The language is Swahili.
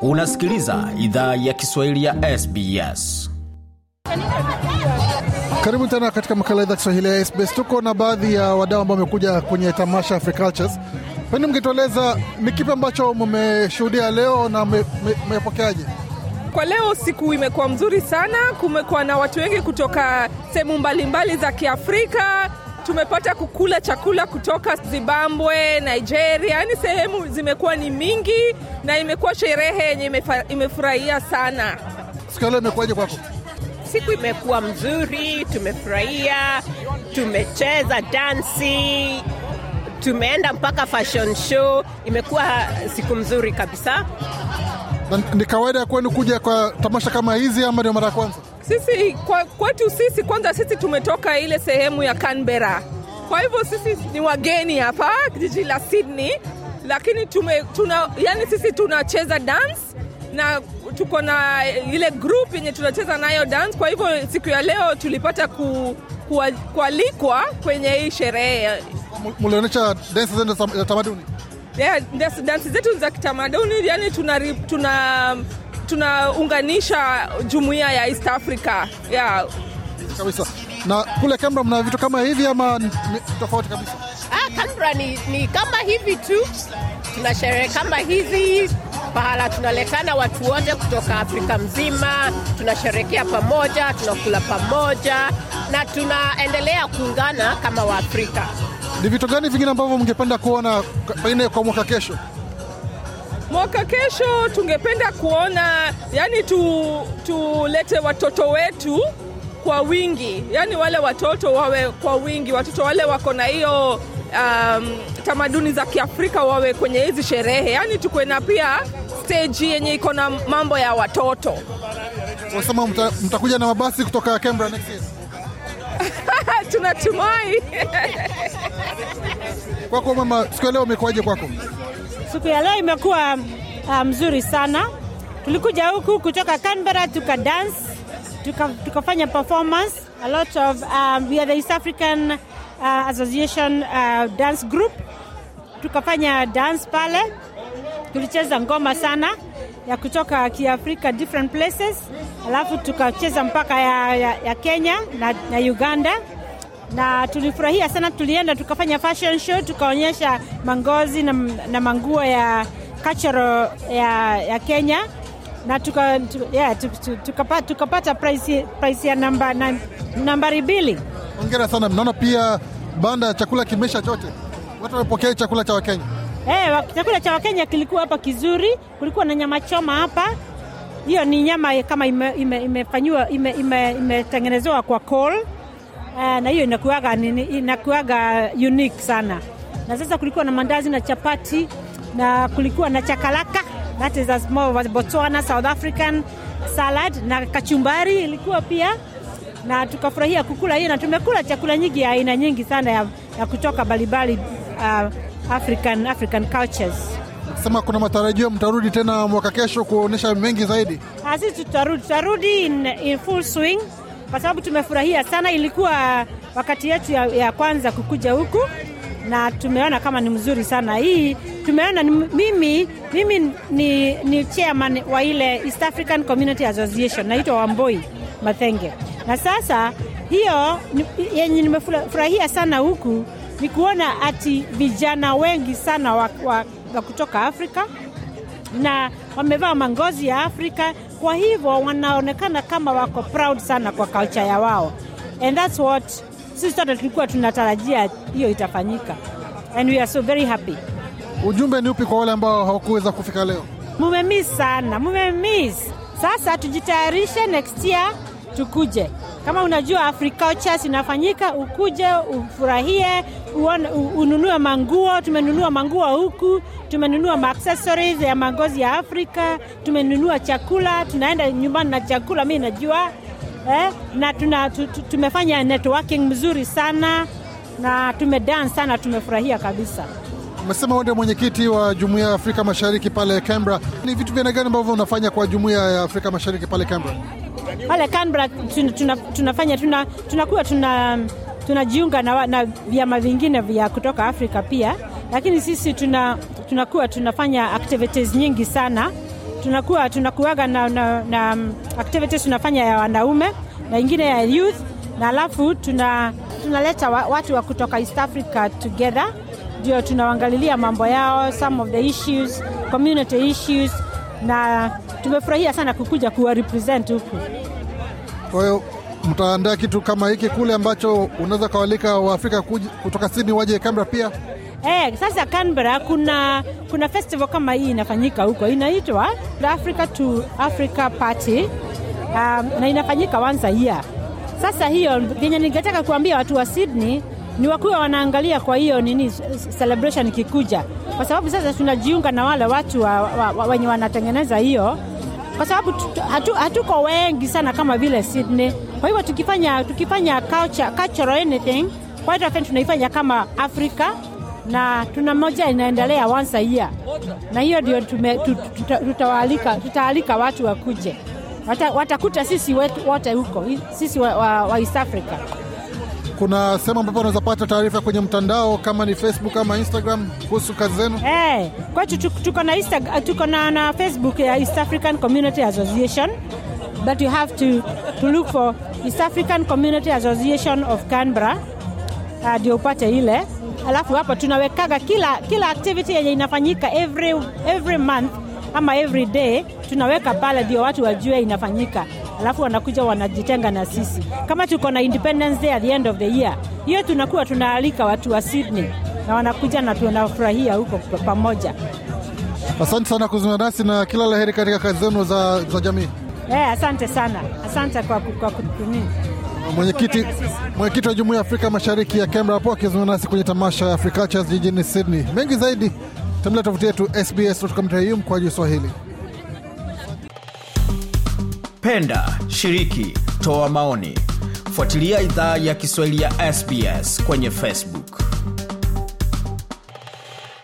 Unasikiliza idhaa ya Kiswahili ya SBS. Karibu tena katika makala idhaa Kiswahili ya SBS. Tuko na baadhi ya wadau ambao wamekuja kwenye tamasha Africultures. Peni, mkitueleza ni kipi ambacho mmeshuhudia leo na mmepokeaje? Kwa leo siku imekuwa mzuri sana, kumekuwa na watu wengi kutoka sehemu mbalimbali za Kiafrika tumepata kukula chakula kutoka Zimbabwe, Nigeria, yaani sehemu zimekuwa ni mingi na imekuwa sherehe yenye imefurahia sana. Siku leo imekuwaje kwako? Siku imekuwa mzuri, tumefurahia, tumecheza dansi, tumeenda mpaka fashion show. Imekuwa siku mzuri kabisa. Ni kawaida ya kwenu kuja kwa tamasha kama hizi ama ndio mara ya kwanza? Sisi kwa, kwetu sisi kwanza, sisi tumetoka ile sehemu ya Canberra, kwa hivyo sisi ni wageni hapa jiji la Sydney, lakini tume, tuna, yani sisi tunacheza dance na tuko na ile group yenye tunacheza nayo dance. Kwa hivyo siku ya leo tulipata ku, kualikwa kwenye hii sherehe. Mlionyesha zenu za Yeah, dansi zetu za kitamaduni, yani tuna, tuna tunaunganisha jumuiya ya East Africa yeah. Kabisa. Na kule Canberra mna vitu kama hivi ama tofauti kabisa? Ah, Canberra ni, ni kama hivi tu, tuna sherehe kama hizi pahala tunaletana watu wote kutoka Afrika mzima, tunasherekea pamoja, tunakula pamoja na tunaendelea kuungana kama Waafrika. Ni vitu gani vingine ambavyo mngependa kuona pengine kwa mwaka kesho? Mwaka kesho tungependa kuona yani tu, tulete watoto wetu kwa wingi, yani wale watoto wawe kwa wingi, watoto wale wako na hiyo um, tamaduni za Kiafrika wawe kwenye hizi sherehe, yani tukuwe na pia steji yenye iko na mambo ya watoto. Wasema mtakuja mta na mabasi kutoka Canberra next year tunatumai. Kwako mama, siku ya leo imekuwaje kwako? Siku ya leo imekuwa ah, mzuri sana. Tulikuja huku kutoka Canberra tuka dance tuka, tukafanya performance a lot of um, we are the East African uh, Association uh, dance group. Tukafanya dance pale, tulicheza ngoma sana ya kutoka Kiafrika different places, alafu tukacheza mpaka ya, ya, ya Kenya na, na Uganda na tulifurahia sana. Tulienda tukafanya fashion show, tukaonyesha mangozi na, na manguo ya cultural ya, ya Kenya na tukapata tuka, yeah, tuka, tuka price, price ya namba, na, nambari mbili. Hongera sana. Mnaona pia banda ya chakula kimesha chote, watu wamepokea chakula cha Wakenya. Hey, eh, chakula cha Wakenya kilikuwa hapa kizuri, kulikuwa na nyama choma hapa. Hiyo ni nyama kama imefanyiwa ime, ime, ime, ime, imetengenezewa kwa coal Eh, na hiyo inakuaga inakuaga unique sana. Na sasa kulikuwa na mandazi na chapati na kulikuwa na chakalaka, that is a small Botswana South African salad na kachumbari ilikuwa pia, na tukafurahia kukula hiyo, na tumekula chakula nyingi ya aina nyingi sana ya, ya kutoka balibali uh, African, African cultures. Sema kuna matarajio mtarudi tena mwaka kesho kuonesha mengi zaidi? Ah, sisi tutarudi, tutarudi in, in full swing kwa sababu tumefurahia sana. Ilikuwa wakati yetu ya, ya kwanza kukuja huku na tumeona kama ni mzuri sana hii. Tumeona mimi, mimi ni, ni chairman wa ile East African Community Association, naitwa Wamboi Mathenge, na sasa hiyo yenye nimefurahia sana huku ni kuona ati vijana wengi sana wa, wa, wa kutoka Afrika na wamevaa mangozi ya Afrika kwa hivyo wanaonekana kama wako proud sana kwa culture ya wao, and that's what sisi sote tulikuwa tunatarajia hiyo itafanyika, and we are so very happy. Ujumbe ni upi kwa wale ambao hawakuweza kufika leo? Mumemis sana, mumemis. Sasa tujitayarishe next year tukuje. Kama unajua agriculture inafanyika, ukuje ufurahie, ununue manguo, tumenunua manguo huku, tumenunua maaksesoris ya mangozi ya Afrika, tumenunua chakula, tunaenda nyumbani na chakula, mi najua eh, na tuna, tumefanya networking mzuri sana na tumedan sana, tumefurahia kabisa. Umesema wewe mwenyekiti wa jumuia ya Afrika Mashariki pale cambra Ni vitu vya gani ambavyo unafanya kwa jumuia ya Afrika Mashariki pale cambra Pale cambra tunafanya tuna, tunakuwa tuna, tuna, tuna, tuna, tuna, tuna, tuna tunajiunga na, na vyama vingine vya kutoka Afrika pia, lakini sisi tuna, tunakuwa tunafanya activities nyingi sana tunakuwa tunakuaga na, na, na um, activities tunafanya ya wanaume na ingine ya youth na alafu tuna, tunaleta watu wa kutoka East Africa together ndio tunawangalilia mambo yao, some of the issues, community issues, na tumefurahia sana kukuja kuwa represent huku. Kwa hiyo mtaandaa kitu kama hiki kule ambacho unaweza kawalika Waafrika kutoka Sydney waje kambra pia? Hey, eh, sasa canbera kuna, kuna festival kama hii inafanyika huko inaitwa Africa to Africa Party um, na inafanyika once a year. Sasa hiyo venye ningetaka kuambia watu wa Sydney ni wakuwa wanaangalia kwa hiyo nini celebration kikuja kwa sababu sasa tunajiunga na wale watu wa, wa, wa, wenye wanatengeneza hiyo kwa sababu hatu, hatuko wengi sana kama vile Sydney. Kwa hivyo tukifanya, tukifanya culture, cultural anything quite often tunaifanya kama Afrika na tuna moja inaendelea once a year, na hiyo ndio tutawaalika tutaalika watu wakuje, watakuta sisi wote huko sisi wa, wa East Africa kuna sehemu ambapo unaweza pata taarifa kwenye mtandao kama ni Facebook ama Instagram kuhusu kazi zenu? Hey, eh, kwetu tuko na tuko na, na Facebook ya East African Community Association but you have to, to look for East African Community Association of canbra uh, ndio uh, upate ile, alafu hapo tunawekaga kila, kila activity yenye inafanyika every, every month ama every day tunaweka pale, ndio watu wajue inafanyika, alafu wanakuja wanajitenga na sisi. Kama tuko na Independence Day at the end of the year, hiyo tunakuwa tunaalika watu wa Sydney na wanakuja na tunafurahia huko pamoja. Asante sana kuzungumza nasi na kila la heri katika kazi zenu za, za jamii. Yeah, asante sana, asante kwa, kwa kutumia Mwenyekiti mwenyekiti wa Jumuiya ya Afrika Mashariki ya Canberra hapo akizungumza nasi kwenye tamasha ya Africachers jijini Sydney. Mengi zaidi tembelea tovuti yetu sbs.com.au juu Swahili. Penda, shiriki, toa maoni, fuatilia idhaa ya Kiswahili ya SBS kwenye Facebook.